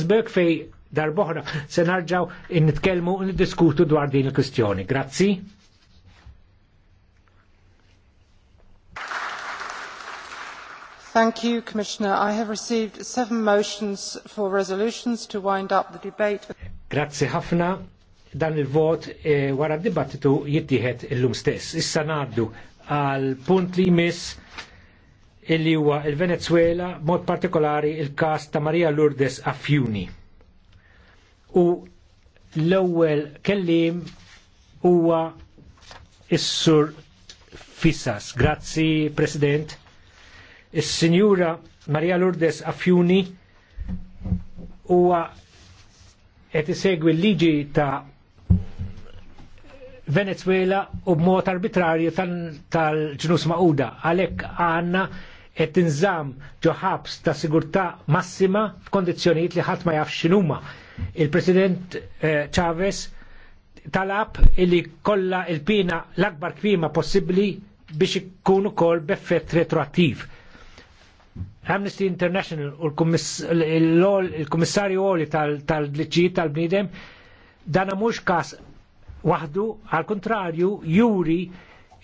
Zbek fej darboħra se narġaw nitkelmu u diskutu dwar din il-kwistjoni. Grazzi. Thank you, Commissioner. I have received seven motions for resolutions to wind up the debate. Grazzi ħafna. Dan il-vot e, wara dibattitu dibattitu il-lum stess. Issa naddu għal punt li miss illi huwa il-Venezuela, mod partikolari il-kas ta' Maria Lourdes Affjuni. U l-ewwel kellim huwa is-Sur Fisas. Grazzi, President. Is-Sinjura Maria Lourdes Affjuni huwa qed isegwi l-liġi ta' Venezuela u b'mod arbitrarju tal-ġnus maquda. Għalek għanna et tinżam ġoħabs ta' sigurtà massima f'kondizzjonijiet li ħadd ma jafx x'inhuma. Il-President Chavez talab illi kollha il-pina l-akbar kbima possibbli biex ikkun ukoll b'effett retroattiv. Amnesty International u l-Kummissarju Oli tal-Liċi tal-Bnidem dana mhux każ waħdu għal kontrarju juri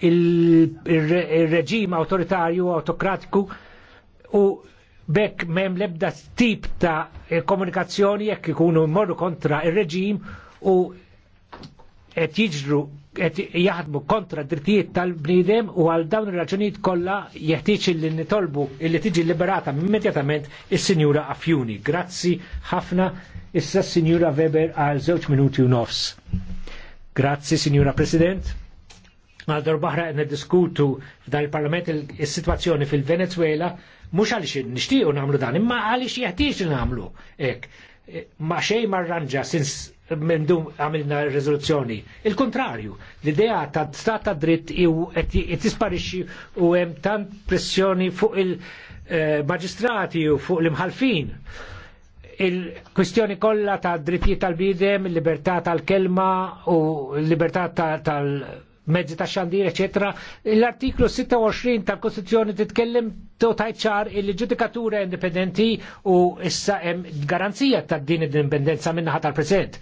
il-reġim autoritarju autokratiku u bekk mem lebda tip ta' komunikazzjoni jekk ikunu morru kontra il-reġim u qed jiġru et jaħdmu kontra drittijiet tal-bniedem u għal dawn ir-raġunijiet kollha jeħtieġ li nitolbu li tiġi liberata immedjatament is-Sinjura Afjuni. Grazzi ħafna issa s-Sinjura Weber għal żewġ minuti u nofs. Grazzi, Signora President. Għaldor baħra għedna diskutu f'dan il-parlament il-situazzjoni fil-Venezuela, mux għalix nishtiju namlu dan, imma għalix jħtiex namlu. Ek, e, ma xej marranġa sinz mendum għamilna rezoluzzjoni. Il-kontrarju, l-idea ta' stat ta' dritt u tisparixxi u hemm tant pressjoni fuq il-maġistrati e, u fuq l-imħalfin il-kwistjoni kollha ta' drittijiet tal-bidem, il-libertà tal-kelma u l-libertà tal-mezzi ta' xandir, eccetera. L-artiklu 26 tal-Kostituzzjoni titkellem to tajċar il-ġudikatura indipendenti u issa hemm garanzija ta' din id-indipendenza minnaħa tal-President.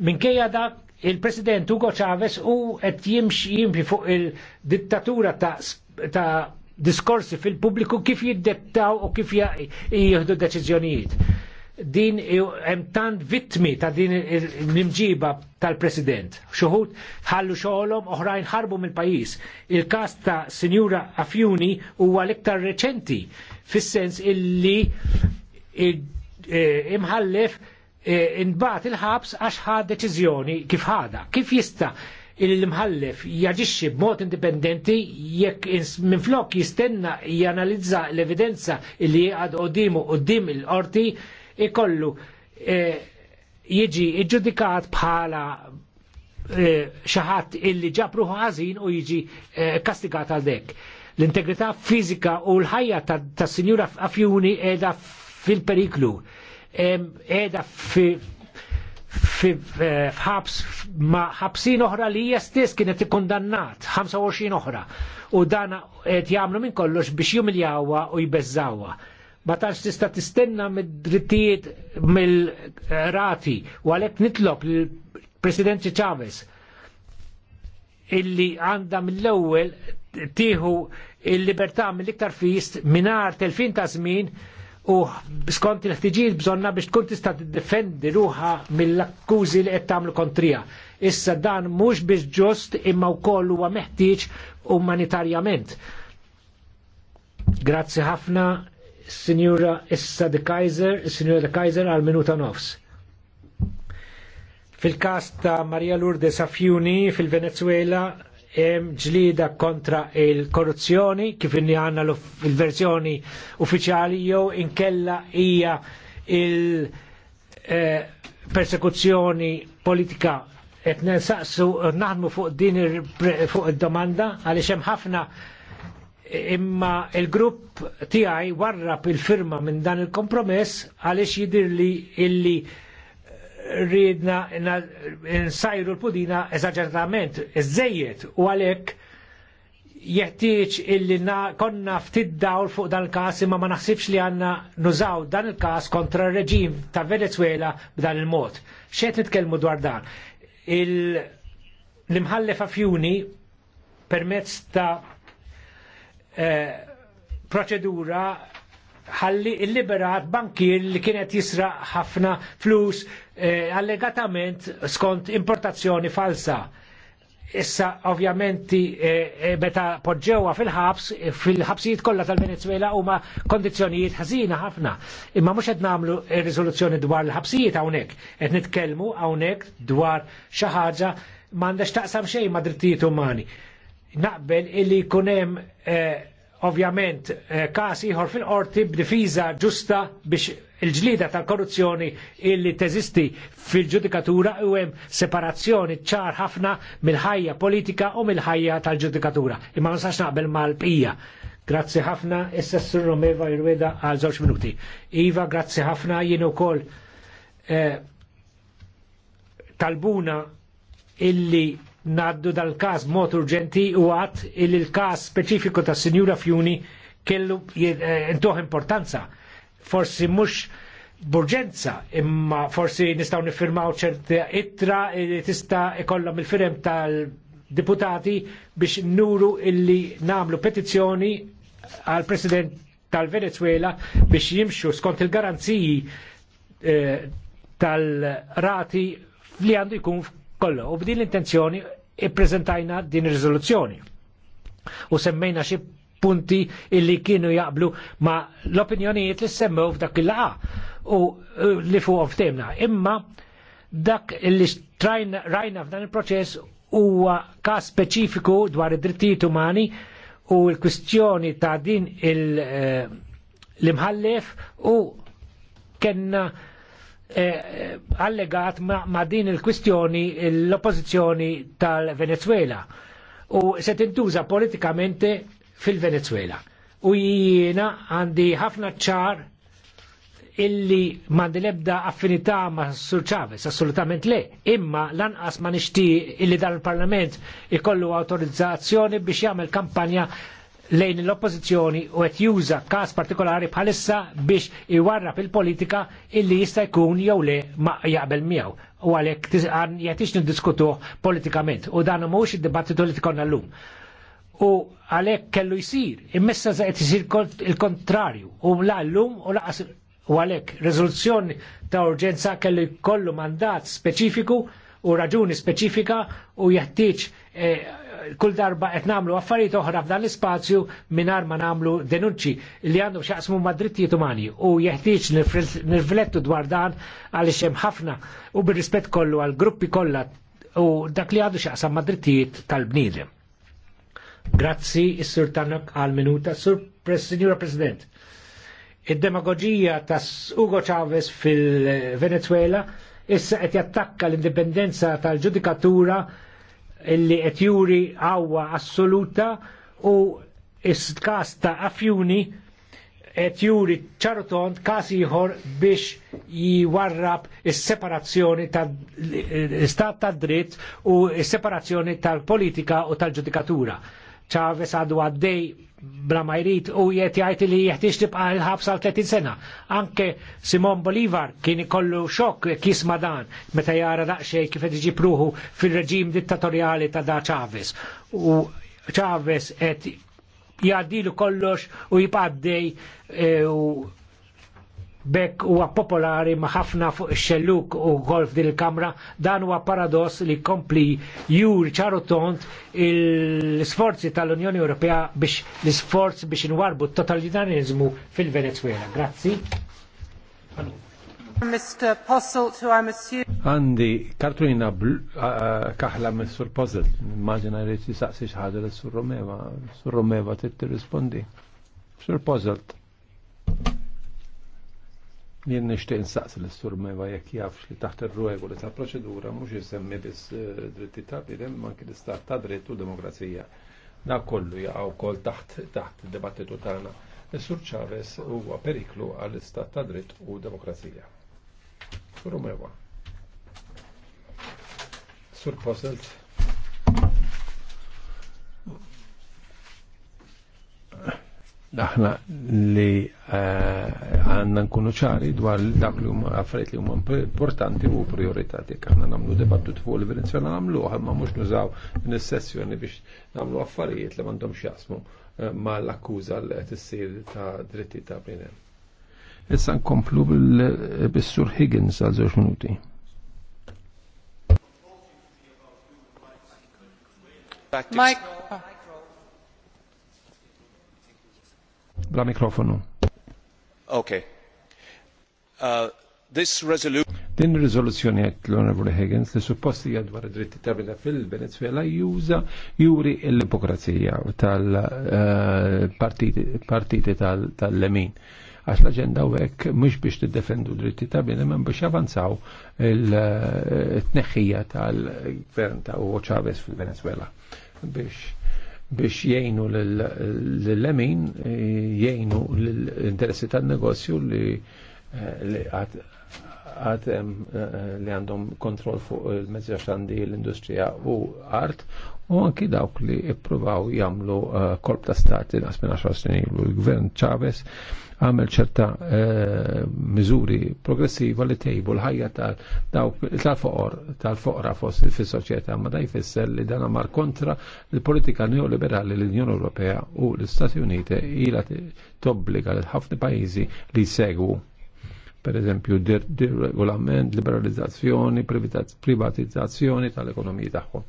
Minkejja dak il-President Hugo Chavez u qed jimx jimxi fuq il-dittatura ta', ta diskorsi fil-pubbliku kif jiddettaw u kif jieħdu deċiżjonijiet din hemm tant vittmi ta' din l-imġiba tal-President. Xuħut ħallu xogħolhom oħrajn ħarbu mill-pajjiż. Il-każ ta' Sinjura Afjuni huwa l-iktar reċenti fis-sens illi eh, imħallef eh, inbat il-ħabs għax ħa deċiżjoni kif ħada. Kif jista' il-mħallef jaġixxi b'mod indipendenti jekk minflok jistenna janalizza l-evidenza li għad qodimu qoddim il-qorti il qorti ikollu e, jiġi iġġudikat bħala e, xaħat illi ġabruħu ħażin u jiġi e, kastigat għal dek. L-integrità fizika u l-ħajja tas sinjura Afjuni edha fil-periklu, edha f'ħabs ma ħabsin oħra li hija stess kienet ikkundannat 25 oħra u dan qed jagħmlu minn kollox biex jumiljawa u jbeżżawha ma tax tista' tistenna mid-drittijiet mill-rati u għalhekk nitlob lill-President Chavez illi għandha mill-ewwel tieħu il-libertà mill-iktar fist minar telfin ta' żmien u skont il-ħtiġijiet bżonna biex tkun tista' tiddefendi ruha mill-akkużi li qed tagħmlu kontrija. Issa dan mhux biex ġust imma wkoll huwa meħtieġ umanitarjament. Grazzi ħafna Signora Issa de Kaiser, Signora de Kaiser għal minuta nofs. Fil-kas ta' Maria Lourdes Safjuni fil-Venezuela hemm ġlida kontra il-korruzzjoni kif inni għandna l-verżjoni uffiċjali jew inkella hija il-persekuzzjoni eh, politika qed nensaqsu naħdmu fuq din fuq id-domanda għaliex hemm ħafna imma il-grupp tiegħi warrab il-firma minn dan il-kompromess għaliex jidirli illi rridna eh, nsajru l-pudina eżagġeratament, iżejjed u għalhekk jeħtieġ illi na konna ftit dawl fuq dan il-każ imma ma naħsibx li għandna nużaw dan il-każ kontra r-reġim ta' Venezuela b'dan il-mod. Xejn nitkellmu dwar dan. L-imħallef afjuni permezz ta' Eh, proċedura ħalli il-liberat bankir li kienet jisra ħafna flus eh, allegatament skont importazzjoni falsa. Issa ovvjamenti eh, meta poġġewa fil-ħabs, fil-ħabsijiet kollha tal-Venezuela huma kondizzjonijiet ħażina ħafna. Imma mhux qed nagħmlu riżoluzzjoni dwar l-ħabsijiet hawnhekk, qed nitkellmu hawnhekk dwar xi ħaġa m'għandex taqsam xejn ma' drittijiet umani naqbel illi kunem eh, ovvjament eh, kas ieħor fil-qorti b'difiża ġusta biex il-ġlida tal-korruzzjoni illi teżisti fil-ġudikatura u hemm separazzjoni ċar ħafna mill-ħajja politika u mill-ħajja tal-ġudikatura. Imma ma naqbel mal-bqija. Grazzi ħafna, Assessor Romeva Irweda għal żewġ minuti. Iva, grazzi ħafna jien ukoll eh, talbuna illi naddu dal-kas mod urġenti u għat il-kas speċifiku ta' Sinjura Fjuni kellu eh, intuħ importanza. Forsi mux burġenza, imma forsi nistaw nifirmaw ċerta ittra eh, tista' ikollhom il-firem tal-deputati biex nuru illi namlu petizzjoni għal-President tal-Venezuela biex jimxu skont il-garanziji eh, tal-rati li għandu jkun kollu. u b'din l-intenzjoni ippreżentajna din ir-riżoluzzjoni. U semmejna xi punti illi kienu jaqblu ma l-opinjonijiet li semmew f'dak il-laqa u li fuq ftemna. Imma dak illi rajna f'dan il-proċess huwa każ speċifiku dwar id-drittijiet umani u l-kwistjoni ta' din eh, l-imħallef u kenna Eh, eh, allegat ma, din il-kwistjoni l-oppozizjoni tal-Venezuela u se tintuża politikament fil-Venezuela. U jiena għandi ħafna ċar illi mandi lebda affinità ma' Sur Chavez, assolutament le, imma lanqas ma' nixtieq illi dan il-Parlament ikollu autorizzazzjoni biex jagħmel kampanja lejn l-oppozizjoni u qed juża każ partikolari bħalissa biex iwarra fil politika illi jista' jkun jew le ma jaqbel miegħu. U għalhekk jagħtix niddiskutuh politikament u dan mhuwiex id-dibattitu li tkollna llum. U għalhekk kellu jsir, immissa qed isir il-kontrarju u la llum u laqas u għalhekk riżoluzzjoni ta' urġenza kellu jkollu mandat speċifiku u raġuni speċifika u jeħtieġ eh, kull darba qed nagħmlu affarijiet oħra f'dan l-ispazju mingħajr ma nagħmlu denunċi li għandhom x'jaqsmu ma' drittijiet umani u jeħtieġ nirflettu dwar dan għaliex hemm ħafna u bir-rispett kollu għall gruppi kollha u dak li għadu x'jaqsam ma' drittijiet tal-bniedem. Grazzi is-Sur Tannok għal minuta, Sur Signora President. Id-demagogija ta' Ugo Chavez fil-Venezuela issa qed jattakka l-indipendenza tal-ġudikatura illi qed juri qawwa assoluta u is-każ ta' Afjuni qed juri ċartont każ ieħor biex jiwarrab is-separazzjoni tal-istat tad-dritt u s-separazzjoni tal-politika u tal-ġudikatura. Chavez għadu għaddej bla ma jrid u jiet jgħid li jeħtieġ tibqa' il-ħabs għal 30 sena. Anke Simon Bolivar kien ikollu xokk kisma dan meta jara daqsxejn kif qed pruħu fil-reġim dittatorjali ta' da Chavez. U Chavez qed jgħaddilu kollox u jibqaddej e, u bekk huwa popolari ma' ħafna fuq xelluk u golf din il-kamra, dan huwa paradoss li kompli jur ċaru tont l-sforzi tal-Unjoni Ewropea biex l-sforz biex inwarbu totalitarizmu fil-Venezuela. Grazzi. Mr. Posselt, who I'm assuming... Għandi, kartuina kaħla me sur Posselt, immaġina li t-saqsi xaħġa sur Romeva, sur Romeva t-rispondi. Sur Posselt. Jien nishtiq nsaqs l-istur meva jekk jafx li taħt ir-regoli ta' proċedura mhux jisemmi biss eh, dritti ta' bidem ma l istat ta' dritt u demokrazija. Da kollu jaqgħu wkoll taħt taħt id-dibattitu tagħna. Is-Sur Chavez huwa periklu għall istat ta' dritt u demokrazija. Sur Meva. Sur Poselt. aħna li eh, għanna nkunu ċari dwar dak li huma affarijiet li huma importanti u prioritati. Aħna nagħmlu dibattut fuq il-Venezuela nagħmlu ma mhux nużaw is-sessjoni biex nagħmlu affarijiet li m'għandhomx jasmu eh, ma l-akkuża li qed issir ta' dritti ta' bnedem. Issa nkomplu bis-Sur Higgins għal żewġ minuti. Mike. Bla mikrofonu. Okay. Uh, this resolution Din riżoluzzjoni għed l-Onorevoli Higgins li supposti dwar id-dritti tabila fil-Venezuela juża juri l-ipokrazija tal-partiti uh, tal-lemin. Tal Għax l-agenda u għek mux biex t-defendu dritti tabila, men biex avanzaw il-tneħħija uh, tal-gvern ta' Hugo Chavez fil-Venezuela. Biex biex jgħinu l-lemin, eh, jgħinu l-interessi tal-negozju eh, li għad eh, li għandhom kontroll fuq il-mezzja xandi l-industrija u art u anki dawk li ippruvaw jagħmlu kolb ta' stati naqs minn l-gvern Chavez għamel ċerta eh, miżuri progressiva li tejbu l-ħajja tal-foqor, tal-foqra fost fis-soċjetà, ma da jfisser li dana mar kontra l-politika neoliberali l-Unjoni Ewropea u l-Istati Uniti ila tobbliga l-ħafna pajjiżi li segwu per eżempju, regolament, liberalizzazzjoni, privatizzazzjoni tal-ekonomiji tagħhom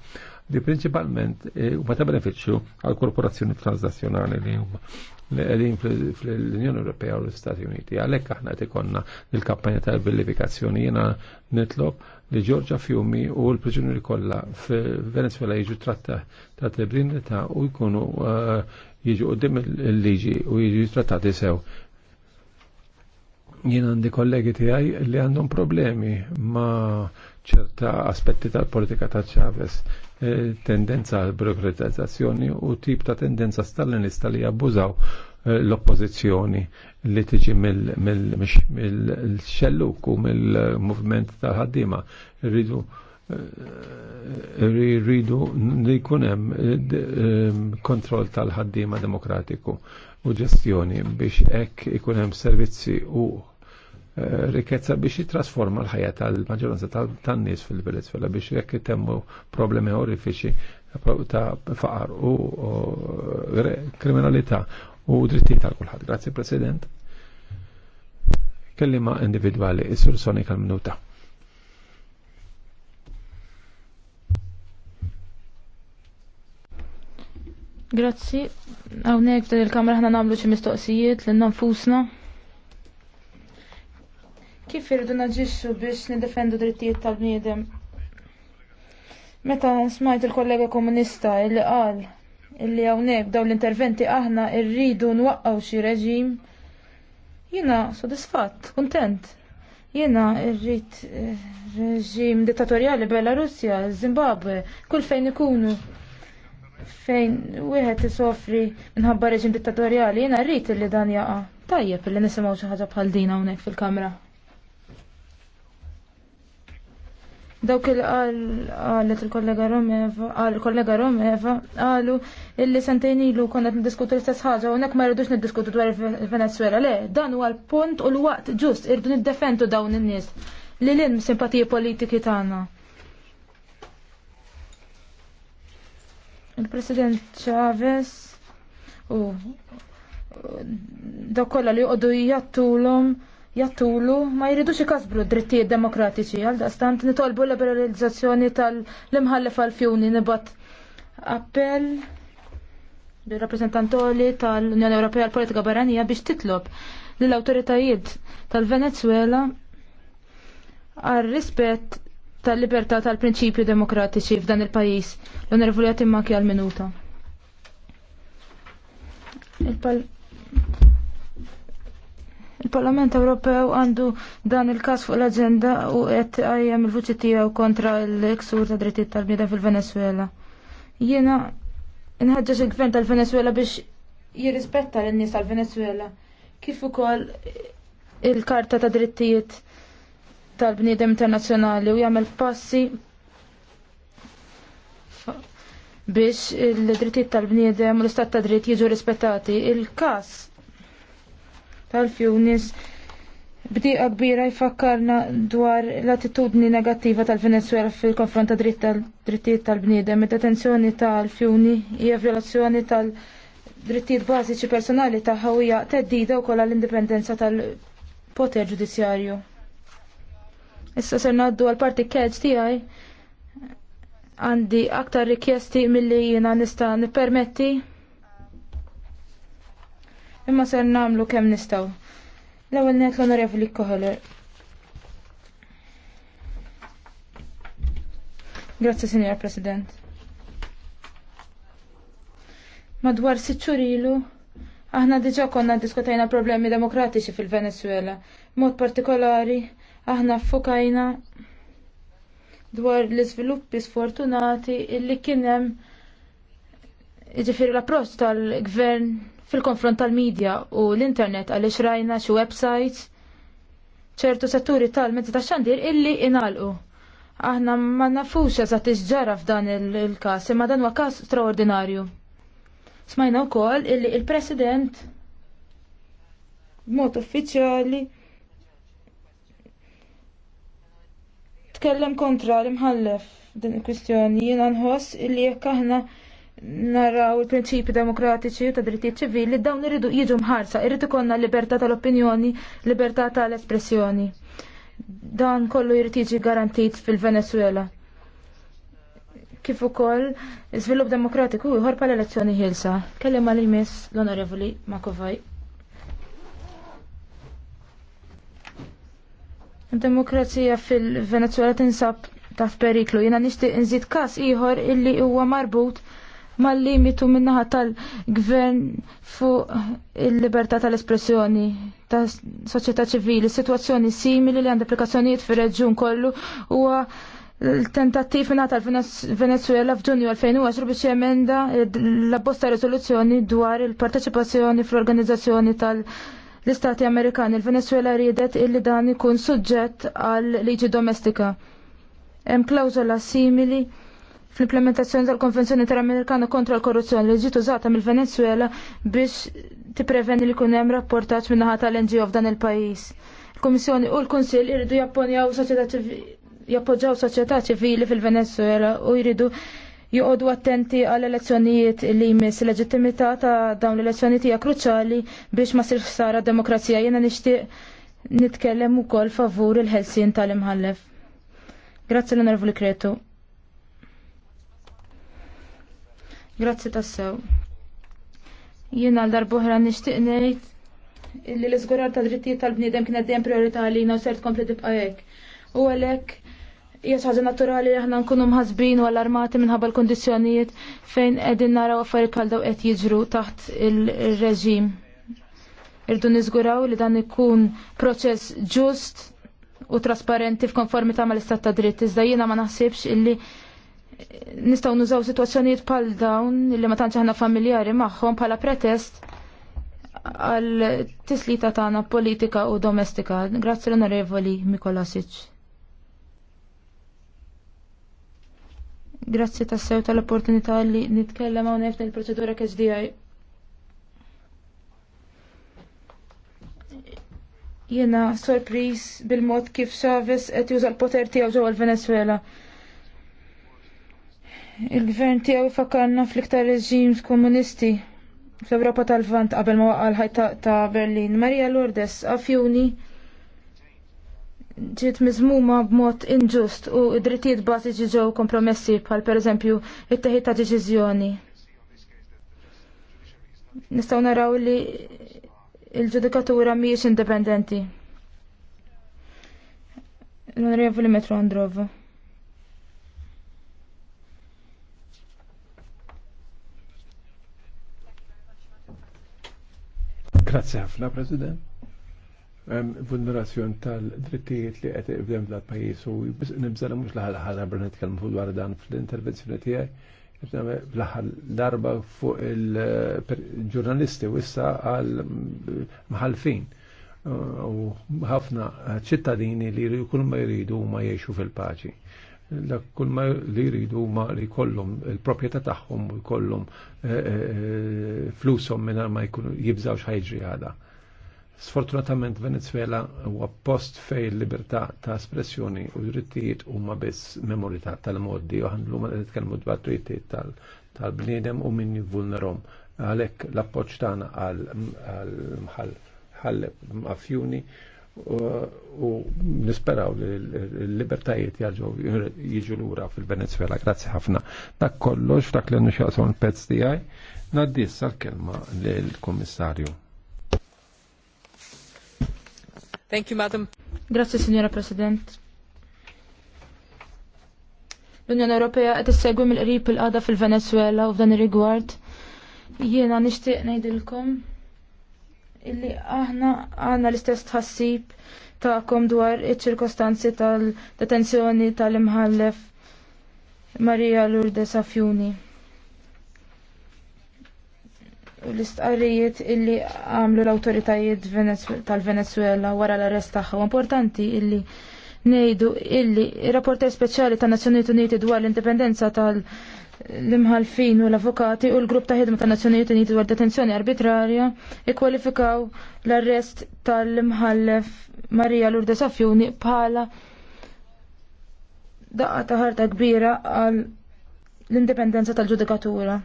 li principalment eh, ma ta' beneficju għal korporazzjoni transnazzjonali li huma l fl-Unjoni Ewropea u l-Stati Uniti. Għalhekk aħna qed ikonna il-kampanja tal-villifikazzjoni jiena nitlob li Ġorġa Fiumi u l-priġunieri kollha f'Venezuela jiġu tratta ta' tebrinita u jkunu eh, jiġu qudiem il-liġi u jiġu trattati sew jien għandi kollegi tiegħi li għandhom problemi ma ċerta aspetti tal-politika ta' Chavez. Eh, tendenza għal burokratizzazzjoni u tip ta' tendenza stalinista li jabbużaw eh, l-oppozizjoni li tiġi mill-xelluk u mill-movement tal-ħaddima. Rridu eh, rridu li kunem kontroll tal-ħaddima demokratiku u ġestjoni biex ek ikunem servizzi u Eh, rikezza biex jitrasforma l-ħajja tal-maġġoranza tan-nies fil-Venezuela biex jekk temmu problemi orifiċi ta' faqar u eh, kriminalità u dritti tal kulħadd. Grazzi President. Kellima individwali, is-sur Sonika minuta Grazzi, għawnek f'din il-kamra ħna namlu xi mistoqsijiet l-nanfusna. Kif irridu naġixxu biex nidefendu drittijiet tal-bniedem? Meta smajt il-kollega komunista illi qal illi hawnhekk dawn l-interventi aħna rridu nwaqqgħu xi reġim, jiena sodisfatt, kuntent. Jiena rrid eh, reġim dittatorjali Belarusja, Zimbabwe, kull fejn ikunu fejn wieħed isofri minħabba reġim dittatorjali, jiena rrid illi dan jaqa' tajjeb illi nisimgħu xi ħaġa bħal din hawnhekk fil-kamra. Dawk il-għalet il-kollega Romeva, għal-kollega Romeva, għalu illi sentajn ilu konna diskutu l-istess ħagġa, unnek ma rridux niddiskutu dwar il-Venezuela. Le, dan huwa l-punt u l-waqt ġust, n niddefendu dawn in-nies li l-in simpatiji politiki tagħna. Il-President Chavez u dawk kollha li l-om, jattulu ma jridux ikasbru drittijiet demokratiċi għal dastant nitolbu liberalizzazzjoni tal-imħallef għal-fjuni nibat appell bil-rappresentantoli tal-Unjoni Ewropea l-Politika Barranija biex titlob l-autoritajiet tal-Venezuela għal rispett tal-libertà tal-prinċipju demokratiċi f'dan il-pajis. L-onorevoli għatimma għal minuta. Il-pal Il-Parlament Ewropew għandu dan il-kas fuq l-agenda u qed għajjem il-vuċi tiegħu kontra l eksur ta' drittijiet tal-bnieda fil-Venezuela. Jiena inħeġġeġ il-gvern tal-Venezuela biex jirrispetta l-nies tal-Venezuela kif ukoll il-Karta ta' Drittijiet tal-Bniedem Internazzjonali u jagħmel passi biex il-drittijiet tal-bniedem u l-istat ta' dritt jiġu rispettati. Il-każ tal fjunis bdiqa kbira jfakkarna dwar l-attitudni negattiva tal-Venezuela fil-konfront ta' drittijiet tal-bniedem, id-detenzjoni tal-fjuni hija violazzjoni tal-drittijiet bażiċi personali ta' ħawija teddida wkoll l indipendenza tal-poter ġudizzjarju. Issa ser ngħaddu għal parti kedġ tiegħi għandi aktar rikjesti milli jiena nista' nippermetti imma ser namlu kemm nistgħu. L-ewwel net l-Onorevoli Koħoler. Grazzi, Signor President. Madwar sitt aħna diġà konna diskutajna problemi demokratiċi fil-Venezuela. Mod partikolari, aħna fukajna dwar l-iżviluppi sfortunati illi kien hemm jiġifieri l-approċċ tal-gvern fil-konfront tal-medja u l-internet għaliex rajna xi websites ċertu setturi tal-mezzi ta' xandir illi inalqu. Aħna ma nafux eżatt iġġara f'dan il-każ, imma dan huwa każ straordinarju. Smajna wkoll illi il-President b'mod uffiċjali tkellem kontra l-imħallef din il-kwistjoni jiena nħoss illi jekk aħna naraw il-prinċipi demokratiċi u ta' drittijiet ċivili dawn irridu jiġu mħarsa, irridu ikollna libertà tal-opinjoni, libertà tal-espressjoni. Dan kollu jrid jiġi garantit fil-Venezuela. Kif ukoll iżvilupp demokratiku ieħor pal elezzjoni ħilsa. Kellem għal miss l-Onorevoli Makovaj. Demokrazija fil-Venezuela tinsab taf periklu. Jena nixtieq nżid każ ieħor illi huwa marbut mal-limitu minnaħa tal-gvern fuq il-libertà tal-espressjoni ta' soċjetà ċivili, situazzjoni simili li għand applikazzjonijiet fir-reġjun kollu huwa l tentattiv minna tal-Venezuela f'ġunju 2010 biex jemenda l bosta risoluzzjoni dwar il-parteċipazzjoni fl-organizzazzjoni tal- l-Istati Amerikani il-Venezuela riedet illi dan ikun suġġett għal liġi domestika. Hemm klawżola simili fl-implementazzjoni tal-Konvenzjoni Interamerikana kontra l-Korruzzjoni li ġiet użata mill-Venezuela biex tippreveni li kun hemm rapportaġġ min-naħa tal-NGO f'dan il-pajjiż. Il-Kummissjoni u l-Kunsill iridu japponjaw soċjetà jappoġġaw soċjetà ċivili fil-Venezuela u jridu joqogħdu attenti għall elezzjonijiet li jmiss leġittimità ta' dawn l-elezzjonijiet hija kruċjali biex ma sirx sara demokrazija jiena nixtieq nitkellem ukoll favur il-ħelsien tal-imħallef. Grazzi l-onorevoli Kretu. Grazzi tassew. Jiena l darbohra nixtieq ngħid illi l-iżgurar ta' drittijiet tal-bniedem kienet dejjem priorità għalina u sert tkompli tibqa' hekk. U għalhekk hija ħaġa naturali li aħna nkunu mħasbin u allarmati minħabba l-kondizzjonijiet fejn qegħdin naraw affarijiet bħal daw qed jiġru taħt il-reġim. Irdu niżguraw li dan ikun proċess ġust u trasparenti f'konformità mal-istat ta' dritt. Iżda jiena ma naħsibx illi nistgħu nużaw sitwazzjonijiet bħal dawn li ma tantx aħna familjari magħhom bħala pretest għal tislita tagħna politika u domestika. Grazzi l-Onorevoli Mikolasic. Grazzi tas-sew tal-opportunità li nitkellem hawnhekk il-proċedura KSDI. Jiena sorpriż bil-mod kif Chavez qed juża l-poter tiegħu ġewwa l-Venezuela. Il-gvern tiegħu fakkarna fl-iktar reġims komunisti fl-Ewropa tal-Vant qabel ma waqal ħajta ta' Berlin. Marija Lourdes Afjuni ġiet miżmuma b'mod inġust u id-drittijiet bażiċi ġew kompromessi bħal pereżempju it-teħid ta' deċiżjoni. Nistgħu naraw li il-ġudikatura mhijiex indipendenti. L-Onorevoli Metro Androvo. Grazie ħafna, President. Vulnerazzjon tal-drittijiet li qed ibdem dal pajis u biss nibżala mhux laħal aħħar ħaġa bra nitkellmu dwar dan fl-intervenzjoni tiegħi Laħal darba fuq il-ġurnalisti u issa għal mħalfin u ħafna ċittadini li jkunu ma jridu ma jgħixu fil-paċi dak kull ma li jridu ma li kollhom il-proprjetà tagħhom u jkollhom eh, eh, eh, flushom minn ma jkunu jibżawx ħajġri għada. Sfortunatament Venezuela huwa post fej libertà ta' espressjoni u drittijiet huma biss memorità tal-moddi u ħanlu ma nitkellmu dwar drittijiet tal-bniedem u min jivvulnerhom. Għalhekk l-appoġġ tagħna għal ħalleb mafjuni u nisperaw li l-libertajiet jiġu lura fil-Venezuela, grazzi ħafna. Dak kollox dak li nxaqsu l-pezz tiegħi, naddis sal-kelma lill-Kummissarju. Thank you, Madam. Grazzi, Signora President. L-Unjoni Ewropea qed issegwi mill-qrib il-qada fil-Venezuela u f'dan ir-rigward. Jiena nixtieq ngħidilkom illi aħna għanna l-istess tħassib ta'kom dwar iċ-ċirkostanzi tal-detenzjoni tal-imħallef Marija Lourdes Afjuni. U l-istqarrijiet illi għamlu l-autoritajiet tal-Venezuela wara l-arrest tagħha importanti illi ngħidu illi ir-rapporter speċjali tan-Nazzjonijiet Uniti dwar l-indipendenza tal-Venezuela l-imħalfin u l-avukati u l-grupp ta' ħidma ta' Nazzjonijiet Uniti dwar detenzjoni arbitrarja ikkwalifikaw l-arrest tal-imħallef Marija Lourdes Safjuni bħala daqqa ta' ħarta kbira għal l-indipendenza tal-ġudikatura.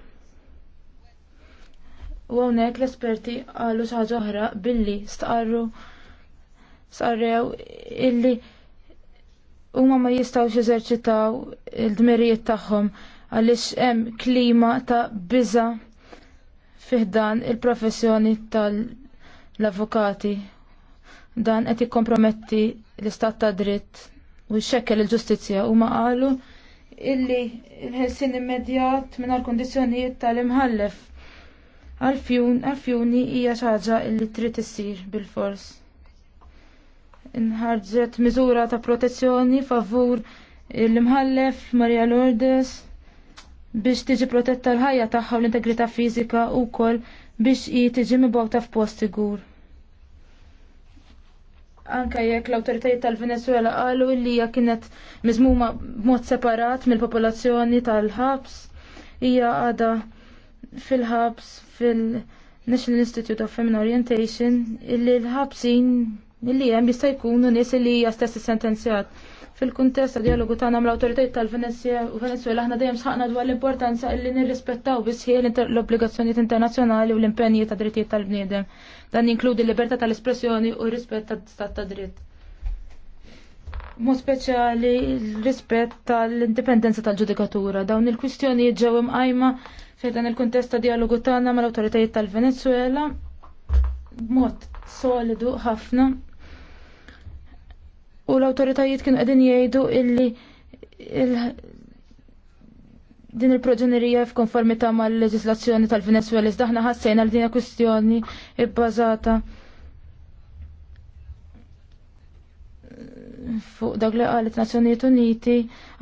U hawnhekk l-esperti qalu xi ħaġa oħra billi staqarru sarrew illi huma ma jistgħux eżerċitaw il-dmirijiet tagħhom għaliex hemm klima ta' biża fiħdan il-professjoni tal-avukati. Dan qed ikkomprometti l-istat ta' dritt u xekkel il-ġustizzja u ma qalu illi il-ħelsin immedjat minn għal-kondizjonijiet tal-imħallef. Għal-fjun, għal-fjuni hija xaġa illi trid issir bil-fors. Inħarġet miżura ta' protezzjoni favur l-imħallef Maria Lourdes biex tiġi protetta l-ħajja tagħha u l-integrità fiżika wkoll biex hi tiġi mibgħuta f'post sigur. Anka jekk l-awtoritajiet tal-Venezuela qalu li hija kienet miżmuma b'mod separat mill-popolazzjoni tal-ħabs, hija għada fil-ħabs fil-National Institute of Feminine Orientation illi l-ħabsin illi hemm jista' jkunu nies li hija stess sentenzjat Fil-kuntest ta' dialogu tagħna mal-awtoritajiet tal-Venezuela u aħna dejjem sħaqna dwar l-importanza li nirrispettaw bisħiel l-obbligazzjonijiet internazzjonali u l-impenji ta' drittijiet tal-bniedem. Dan jinkludi l-libertà tal-espressjoni u r-rispett tat-stat ta' dritt. Mod speċjali l-rispett tal-indipendenza tal-ġudikatura. Dawn il-kwistjonijiet ġew imqajma fejn dan il-kuntest ta' dialogu tagħna mal-awtoritajiet tal-Venezuela mod solidu ħafna u l-autoritajiet kienu qegħdin jgħidu illi din il-proġenerija f'konformità mal-leġislazzjoni tal-Venezuela daħna ħassejna l din kwistjoni ibbażata fuq dak li qalet Nazzjonijiet Uniti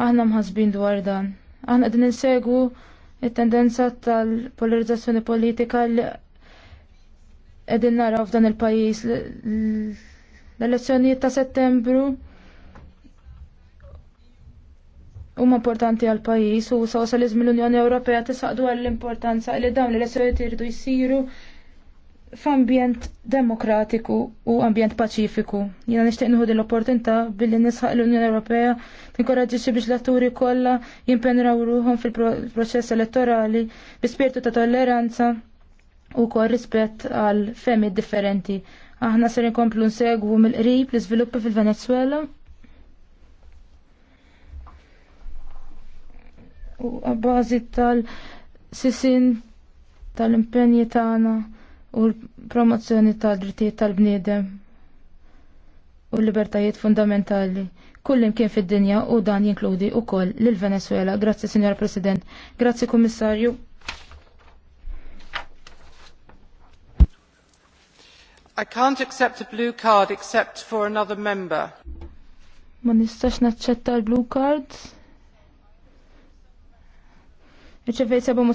aħna mħasbin dwar dan. Aħna qegħdin insegwu it-tendenza tal-polarizzazzjoni politika li qegħdin naraw f'dan il-pajjiż L-elezzjonijiet ta' settembru huma importanti għal pajjiż u sawsalizm l-Unjoni Ewropea tisaqdu għall importanza li dawn l-elezzjonijiet irdu jsiru f'ambjent demokratiku u ambjent paċifiku. Jiena nixtieq nieħu din l-opportunità billi nisħaq l-Unjoni Ewropea tinkoraġġixxi biex l-atturi kollha jimpenraw ruhom fil-proċess elettorali bi spirtu ta' tolleranza u kol rispett għal femi differenti. Aħna ser inkomplu nsegwu mill-qrib l-iżviluppi fil-Venezuela. U għabbażi tal-sisin tal-impenji tagħna u l-promozzjoni tal-drittijiet tal-bniedem u l-libertajiet fundamentali kullim kien fid-dinja u dan jinkludi u koll l-Venezuela. Grazzi, Signor President. Grazzi, Kummissarju. I can't accept a blue card except for another member. Ma nistax naċċetta l-blue card. Irċevejt seba'